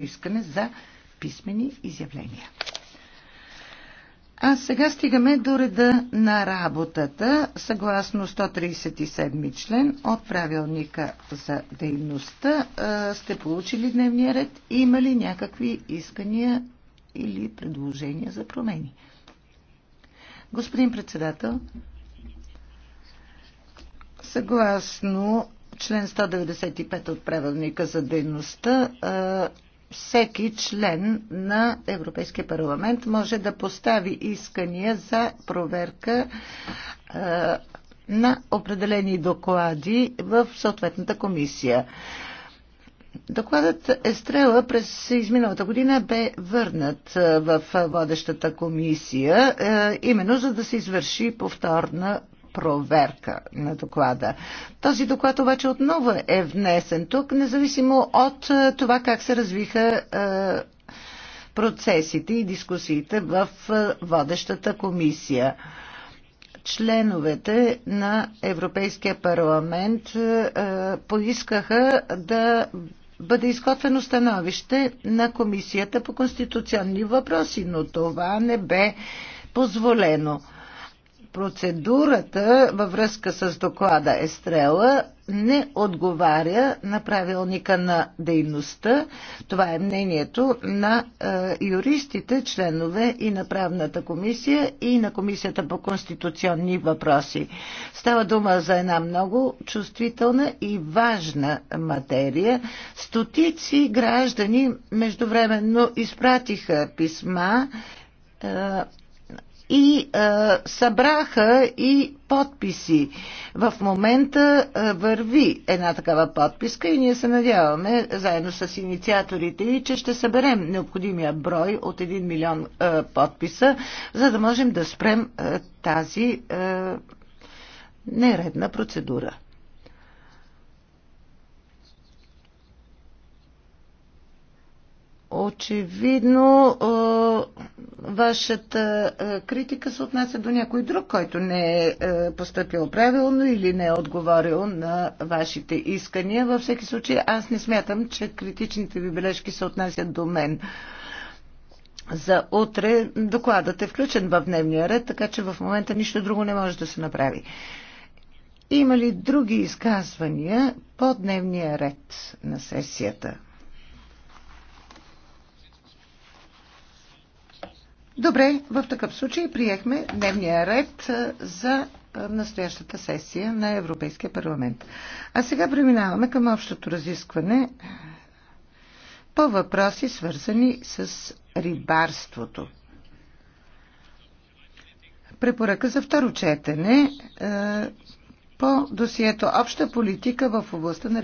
искане за писмени изявления. А сега стигаме до реда на работата, съгласно 137 член от правилника за дейността. Сте получили дневния ред? и Има ли някакви искания или предложения за промени? Господин председател, съгласно член 195 от правилника за дейността, всеки член на Европейския парламент може да постави искания за проверка е, на определени доклади в съответната комисия. Докладът Естрела през изминалата година бе върнат е, в водещата комисия, е, именно за да се извърши повторна проверка на доклада. Този доклад обаче отново е внесен тук, независимо от е, това как се развиха е, процесите и дискусиите в е, водещата комисия членовете на Европейския парламент поискаха да бъде изготвено становище на Комисията по конституционни въпроси, но това не бе позволено. Процедурата във връзка с доклада Естрела не отговаря на правилника на дейността. Това е мнението на е, юристите, членове и на правната комисия и на комисията по конституционни въпроси. Става дума за една много чувствителна и важна материя. Стотици граждани междувременно изпратиха писма е, и а, събраха и подписи. В момента а, върви една такава подписка и ние се надяваме, заедно с инициаторите и, че ще съберем необходимия брой от 1 милион а, подписа, за да можем да спрем а, тази а, нередна процедура. Очевидно. А, Вашата е, критика се отнася до някой друг, който не е, е поступил правилно или не е отговорил на вашите искания. Във всеки случай аз не смятам, че критичните ви бележки се отнасят до мен. За утре докладът е включен в дневния ред, така че в момента нищо друго не може да се направи. Има ли други изказвания по дневния ред на сесията? Добре, в такъв случай приехме дневния ред за настоящата сесия на Европейския парламент. А сега преминаваме към общото разискване по въпроси, свързани с рибарството. Препоръка за второ четене по досието Обща политика в областта на